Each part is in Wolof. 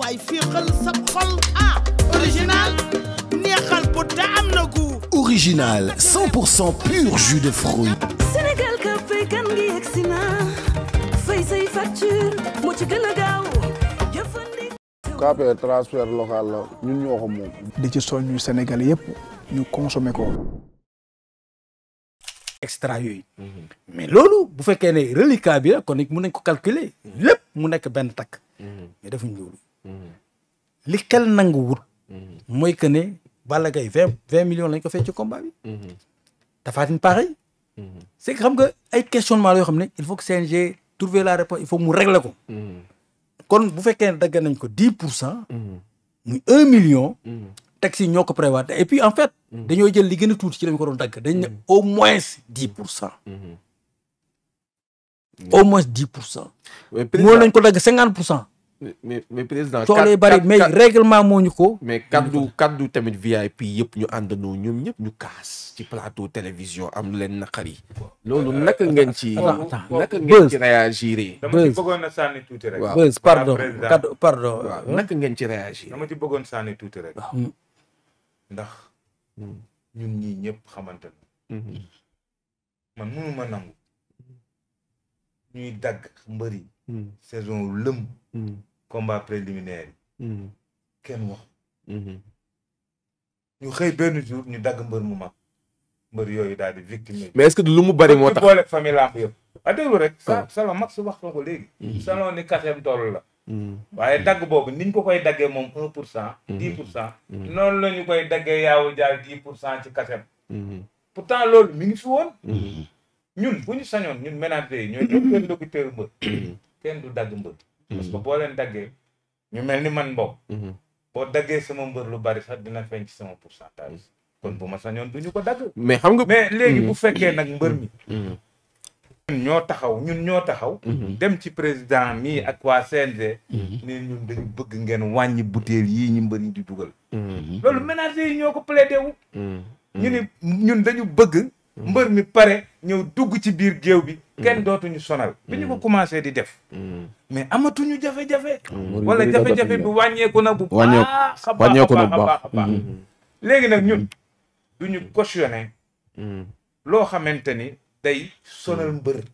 waay fii xal sa xol ah original neexal bu te am na gu original 100% pur jus de fruits Sénégal ka fay kan ngi yegsi na facture moo ci gën a gaaw KPR transfert local la ñun ñoo ko moom di ci soññu Sénégal yëpp ñu consommer ko extra yooyu mhm. mais loolu bu fekkee ne reliquat bi kon mu nañ ko calculer mhm. lépp mu nekk benn takk mhm. mais defuñ loolu li xel nangu wut. Hmm. mooy que ne Balla Gaye vingt vingt millions lañ ko fay ci combat bi. Hmm. Tapha hmm. c'est que xam nga ay questionnement la yoo xam ne il faut que CNG trouver la réponse il faut mu régler ko. kon bu fekkee ne dagg nañ ko dix pour cent. muy un million. taxi ñoo ko prévoir et puis en fait. dañoo jël li gën tuuti ci lañ ko doon dagg dañ ne au moins dix pour cent. au moins dix pour cent. moo nañ ko dagg cinquante pour cent. mais mais président. tool bari mais réglement moo ñu ko. mais kaddu kaddu tamit VIP yëpp ñu àndandoo ñoom ñëpp ñu kaas. ci plateau télévision am lu leen naqari. loolu naka ngeen ci. naka ngeen ci tuuti rek. waaw naka ngeen ci réagir. dama ci bëggoon sànni tuuti rek. ndax hmm. ñun ñii ñëpp xamante na hmm. man mënu ma nangu. Hmm. ñuy dagg mbëri. saison lëm. combat préliminaire yi mhm. kenn wax mhm. ñu xëy benn jour ñu dagg mbër mu mag mbër yooyu daal di victime mais est-ce lu mu bari moo tax boole famille yëpp a ah, déglu rek ah. sa salon mag su wax na ko léegi mhm. salon ni quatrième toll la waaye dagg boobu niñ ko koy daggee moom pour cent dix pour cent noonu la ñu koy daggee yaawu jaal di pour cent ci quatrième pourtant loolu mi ngi fi woon ñun bu ñu sañoon ñun ménager yi ñooy ñoo kenn locuteur mbër kenn du dagg mbër parce que mhm. boo leen daggee ñu mel ni man mbokk mhm. boo daggee sama mbër lu bari sax dina feeñ ci sama pourcentage mhm. kon bu ma sañoon du ñu ko dagg mais xam nga mais léegi bu fekkee nag mbër mi ñun ñoo taxaw ñun ñoo taxaw dem ci président mii ak waa CNG ne ñun dañu bëgg ngeen wàññi butéel yii ñu mbër yi di dugal loolu ménager yi ñoo ko plaidé wu ñu ñun dañu bëgg mbër mi pare ñëw dugg ci biir géew bi mm. kenn dootuñu sonal bi ñu ko mm. commencé di def mm. mais amatuñu jafe-jafe wala jafe-jafe bi wàññeeku na bu baax a baax a baax a baax léegi nag ñun duñu cautionné loo xamante ni day sonal mbër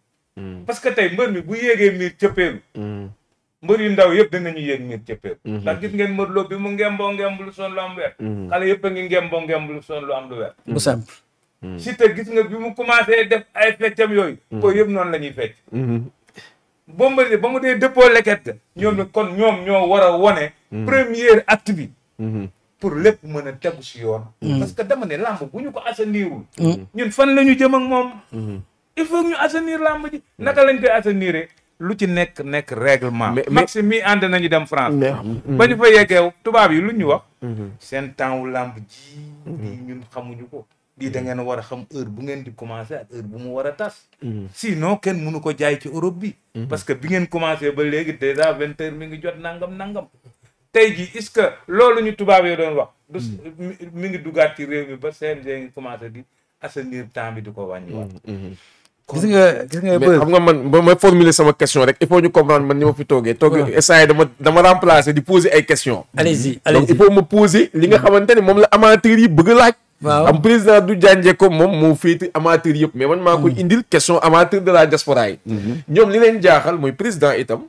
parce que tey mbër mi bu yéegee miir cëppeelu mbër yu ndaw yëpp dinañu yéeg miir cëppeelu mm-hmm. ndax gis ngeen Modou loo bi mu ngemboo ngemb lu son lu am weer mm-hmm. xale yëpp a ngi ngemboo ngemb lu son lu am lu weer Mm. Siteu gis nga bi mu commencé def ay feccam yooyu. Mm. ko yëpp noonu la ñuy fecc. Mm-hmm. Bombardier ba mu dee dëppoo leket. ñoom ni mm-hmm. kon ñoom ñoo war a wone. Mm-hmm. premier acte bi. pour lépp mën a tegu si yoon. parce que dama ne làmb bu ñu ko assainirul. ñun fan la ñu jëm moom. i faut ñu assainir làmb ji. naka lañ koy assainir lu ci nekk nekk règlement. mais Maxime mi na nañu dem France. ba ñu fa yeggeew tubaab yi lu ñu wax. seen temps làmb ji. ñun xamuñu ko. lii da mm-hmm. ngeen war a xam heure bu ngeen di commencé ak heure bu mu war a tas. Mm-hmm. sinon kenn mënu ko jaay ci Europe bi. Mm-hmm. parce que bi ngeen commencé ba léegi déjà vingt heures mi ngi jot nangam nangam. tey jii est-ce que loolu ñu tubaab yi doon wax. mi ngi dugaat ci réew mi ba CNG ngi commencé di assainir temps di ko wàññiwaat. ba ma formuler sama question rek il faut ñu comprendre man ni ma fi toogee. toog essayé dama dama remplacer di poser ay questions. allez waaw am président du jànjee ko moom moo féete amateur yëpp mais man maa koy hmm. indil question amateur de la diaspora yi hmm. ñoom li leen jaaxal mooy président itam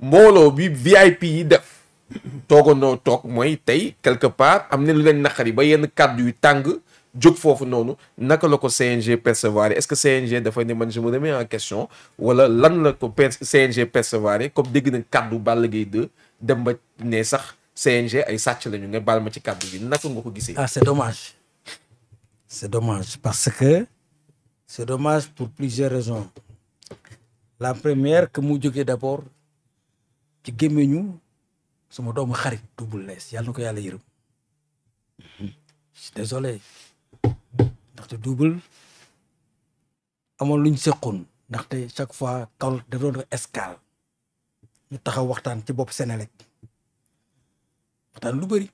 mbooloo bi VIP yi def toogandoo toog mooy tey quelque part am na lu leen naqari ba yenn kàddu yu tàng jóg foofu noonu naka la ko CNG percevoir est-ce que CNG dafa ne man je me remets en question wala lan la ko CNG percevoir comme dégg nañ kàddu Balla Gaye 2 dem ba ne sax CNG ay sàcc lañu nga baal ma ci kàddu bi naka nga ko gisee. ah c'est dommage. C'est dommage parce que c'est dommage pour plusieurs raisons. La première que mu jógee d'abord ci gémmiñu sama doomu xarit Double Less yàlla na ko yàlla yërëm je désolé ndaxte Double amoon lu ñu seqoon ndaxte chaque fois Kaolack daf doon escale ñu taxaw waxtaan ci bopp Sénélec waxtaan lu bëri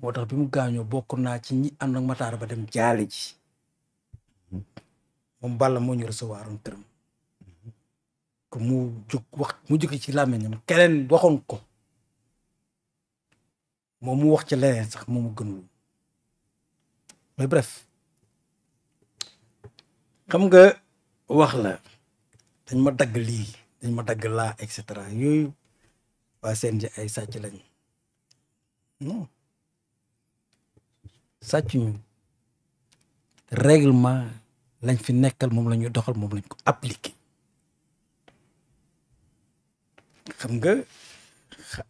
moo tax bi mu gaañoo bokk naa ci ñi ànd ak Matar ba dem jaale ji mhm. moom Balla moo ñu recevoir un terme mu jóg wax mu jóge ci làmmiñam keneen waxoon ko moom mu wax ci leneen sax moom mu gënul mais bref xam nga wax la dañ ma dagg lii dañ ma dagg laa et cetera yooyu waa CNG ay sàcc lañ non sàccuñu règlement lañ fi nekkal moom la ñu doxal moom lañ ko appliqué xam nga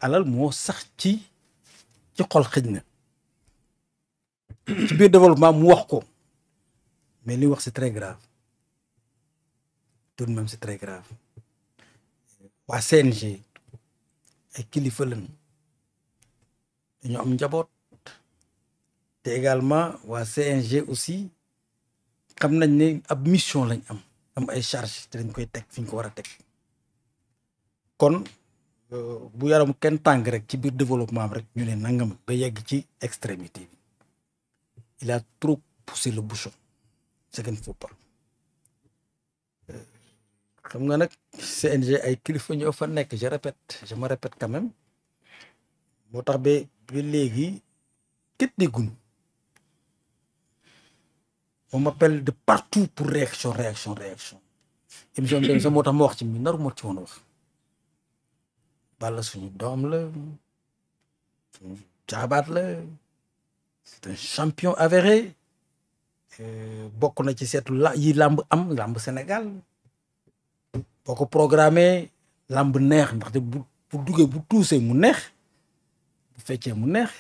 alal moo sax ci ci xol xëj na ci biir développement mu wax ko mais li wax c'est très grave tout de même c'est très grave waa CNG ay kilifa lañ dañoo am njaboot te également waa CNG aussi xam nañ ne ab mission lañ am am ay charge te dañ koy teg fi ñu ko war a teg kon euh, bu yaram kenn tàng rek ci biir développement am rek ñu ne nangam ba yegg ci extrémité bi il a trop poussé le bouchon c'est qu'il ne euh, xam nga nag CNG ay kilifa ñoo fa nekk je répète je me répète quand même moo tax ba ba léegi kit on m'appelle de partout pour réaction réaction réaction émission bi sax moo tax ma wax ci mi naru ma ci woon wax Balla suñu doom la suñu jaabaat la c'est un champion avéré euh, bokk na ci seetu la yi làmb am làmb Sénégal boo ko programmé lamb neex ndaxte bu bu duggee bu tuusee mu neex bu feccee mu neex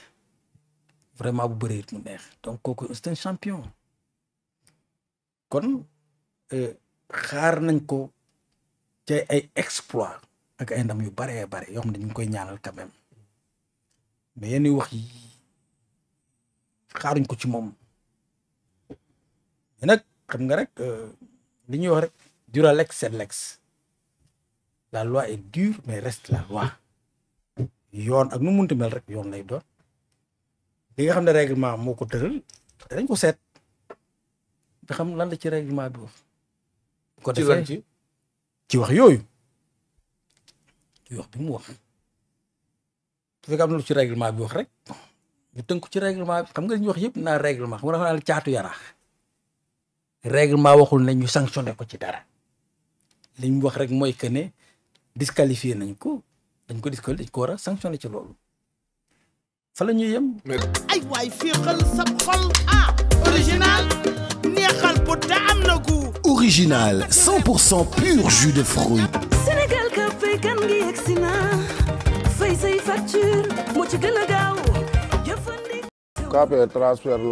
vraiment bu bëree mu neex donc kooku c'est un champion kon euh, xaar nañ ko ci ay exploit ak ay ndam yu baree bare yoo xam ne ñu ngi koy ñaanal quand mais mais yenn wax yi xaaruñ ko ci moom mais nag xam nga rek euh, li ñuy wax rek dura lex sed lex la loi est dure mais reste la loi yoon ak nu munti mel rek yoon lay doon li nga xam ne règlement moo ko tëral dañ ko seet bi xam lan la ci règlement bi foofu. ko defee ci wax yooyu. ci wax bi mu wax. su fekkee am na lu ci règlement bi wax rek ñu tënk ci règlement bi xam nga li ñuy wax yëpp naa règlement xam nga dafa naan caatu yaraax. règlement waxul ne ñu sanctionné ko ci dara. li ñu wax rek mooy que ne disqualifié nañ ko dañ ko disqualifié dañ ko war a sanctionné ci loolu. fa la ñuy ay waay fii xel sa xol ah original. original 100% pur jus de fruits. Sénégal Café kan gi yegsi na fay say facture moo ci gën a gaaw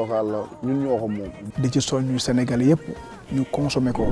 local la ñun ñoo ko moom. di ci soññu Sénégal yëpp ñu consommer ko.